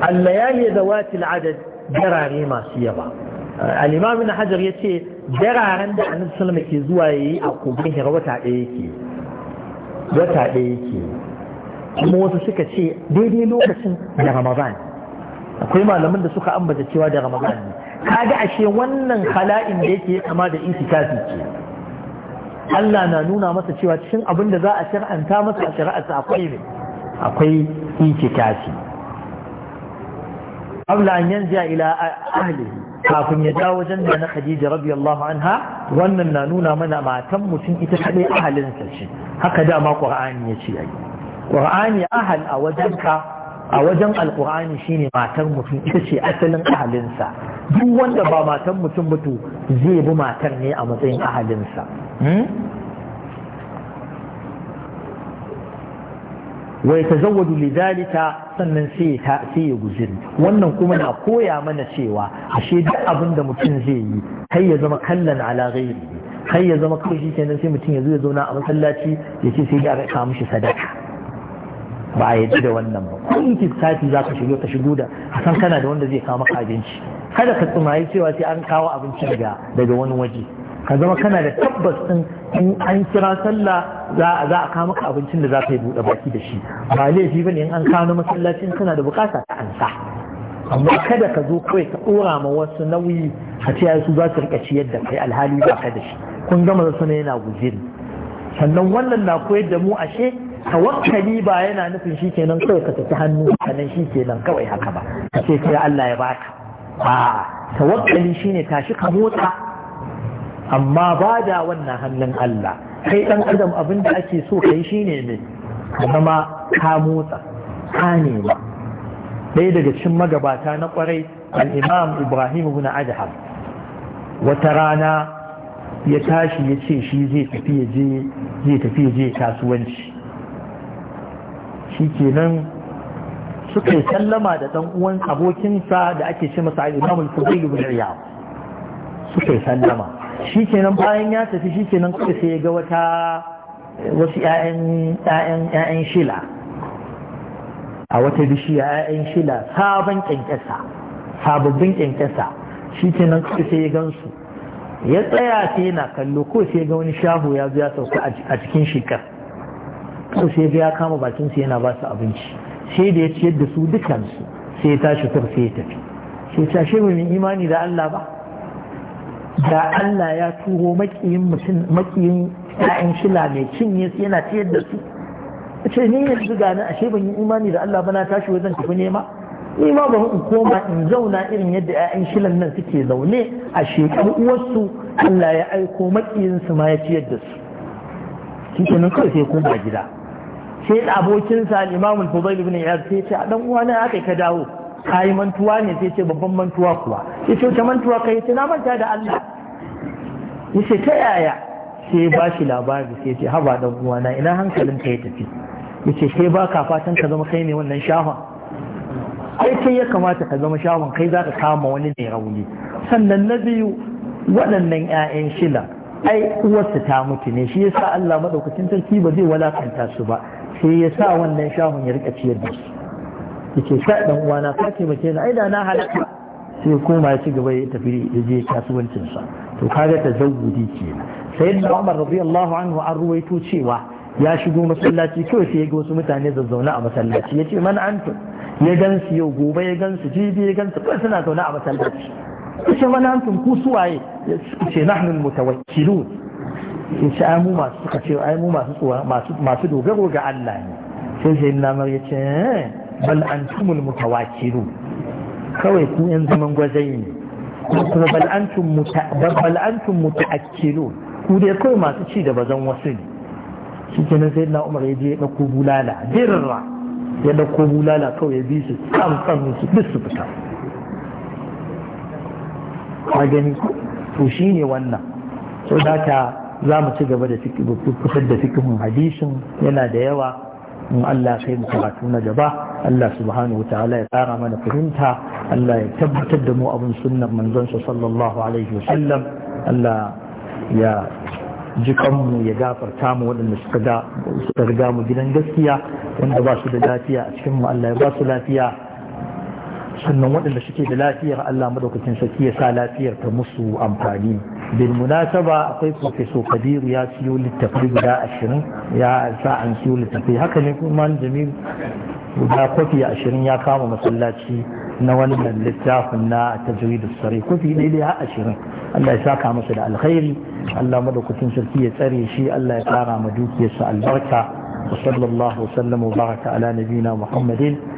al-layali dawati al-adad jarare masu yaba al-imam ibn hajar yace jararen da annabi sallallahu alaihi wasallam ke zuwa yayi a kubin wata ɗaya yake wata ɗaya yake kuma wasu suka ce daidai lokacin da ramadan akwai malaman da suka ambata cewa da ramadan ne kaga ashe wannan hala'in da yake kama da itikafi ke Allah na nuna masa cewa cikin abin da za a shar'anta masa a shari'arsa akwai ne akwai itikafi qabla an yanzu ila ahlihi kafin ya dawo wajen da na Khadija radiyallahu anha wannan na nuna mana matan mutum ita kadai ahalinsa ce haka dama Qur'ani ya ce ai Qur'ani ahal a wajen ka a wajen alqur'ani shine matar mutum ita ce asalin ahalinsa duk wanda ba matan mutum ba zai bi matar ne a matsayin ahalinsa hmm? wai ta zawadu lidalika sannan sai ta ya guziri wannan kuma na koya mana cewa ashe duk abin da mutum zai yi kai ya zama kallan ala ghairi kai ya zama kawai shi kenan sai mutum ya zo ya zauna a masallaci ya ce sai ya ka mishi sadaka ba a yadda da wannan ba ko in kisafi za ka shigo ka shigo da a san kana da wanda zai kawo maka abinci kada ka tsumayi cewa sai an kawo abinci daga daga wani waje ka zama kana da tabbas ɗin in an kira sallah za a kama ka abincin da za ka yi buɗe baki da shi ba laifi ba ne in an kano masallacin kana da bukata ta ansa amma kada ka zo kawai ka ɗora ma wasu nauyi a ce su za su rika ciyar da kai alhali ba ka da shi kun gama su ne yana guziri sannan wannan na koyar da mu ashe tawakkali ba yana nufin shi kenan kawai ka tafi hannu sannan shi kenan kawai haka ba ka ce kai Allah ya baka ba tawakkali shine tashi ka motsa amma ba da wannan hannun Allah kai ɗan adam abin da ake so kai shine ne zama ka motsa ka nema ɗaya daga cikin magabata na kwarai al ibrahim ibn adham wata rana ya tashi ya ce shi zai tafi ya je zai tafi ya je kasuwanci shikenan suka yi sallama da ɗan uwan abokinsa da ake ce masa al-imam al-fudail ibn suka yi sallama shi kenan bayan ya tafi shi kenan kawai sai ya ga wata wasu 'ya'yan shila a wata bishiya 'ya'yan shila sabon kyankyasa sababbin kyankyasa shi kenan kawai sai ya gansu ya tsaya sai yana kallo ko sai ga wani shahu ya zo ya sauka a cikin shekar ko sai ga ya kama bakin su yana ba su abinci sai da ya ciyar da su dukansu sai ya tashi kur sai ya tafi sai ta shi min imani da Allah ba da Allah ya turo makiyin mutum makiyin ƴaƴan shila mai cinye yana ciyar da su ce ni yanzu gani ashe ban yi imani da Allah ba na tashi wajen tafi nema ni ma ba in koma in zauna irin yadda ƴaƴan shilan nan suke zaune a shekaru uwarsu Allah ya aiko su ma ya ciyar da su shi nan kawai sai koma gida sai abokinsa al-imamul fudail ibn iyad sai ce a dan uwa na aka ka dawo kayi mantuwa ne sai ce babban mantuwa kuwa ya ce wace mantuwa kai ce na manta da Allah ya ce ta yaya sai ba shi labari sai ce haba dan uwana ina hankalin ka ya tafi ya ce sai ba ka fatan ka zama kai ne wannan shahon ai kai ya kamata ka zama shahon kai za ka kama wani ne rauni sannan na biyu waɗannan 'ya'yan shila ai uwarsa ta mutu ne shi ya sa Allah maɗaukacin sarki ba zai walakanta su ba sai ya sa wannan shahon ya rika ciyar da su yake sha dan uwana ka taimake ni ai da na halaka sai koma ya ci gaba ya tafi ya je kasuwancin sa to kaga tazawudi sai da Umar radiyallahu anhu an ruwaito cewa ya shigo masallaci kawai sai ya ga wasu mutane zauna a masallaci ya ce man antu ya gansu yau gobe ya gansu jibi ya gansu kawai suna zaune a masallaci ya ce man antu ku suwaye ya ce nahnu mutawakkilun ya ce ai mu masu suka ce ai mu masu masu dogaro ga Allah ne sai sai na mar ya ce eh. bal antumul mutawakilu kawai kun yan zaman gwazai ne kuma bal antum muta bal antum ku dai kawai masu ci da bazan wasu ne shi nan sai na umar ya je ya dauko bulala dirra ya dauko bulala kawai ya bi su sam sam su duk su fita ka gani to shine wannan so da za mu ci gaba da fitar da fikihin hadisin yana da yawa in Allah kai mu karatu na gaba Allah subhanahu ta'ala ya tsara mana fahimta Allah ya tabbatar da mu abin sunnan manzon sa sallallahu alaihi sallam Allah ya jikanmu ya gafarta mu waɗanda suka riga mu gidan gaskiya wanda ba su da lafiya a cikin mu Allah ya ba su lafiya sannan waɗanda suke da lafiyar Allah madaukakin sarki ya sa lafiyar ta musu amfani bil munasaba akwai professor Kabiru ya siyo littafi guda ashirin ya sa an siyo littafi haka ne kuma Jamil guda kofi ashirin ya kama masallaci na wannan littafin na tajridus sare kofi daidai har ashirin Allah ya saka masa da alkhairi Allah madaukakin sarki ya tsare shi Allah ya kara ma dukiyarsa albarka wa sallallahu wa sallam wa baraka ala nabiyina Muhammadin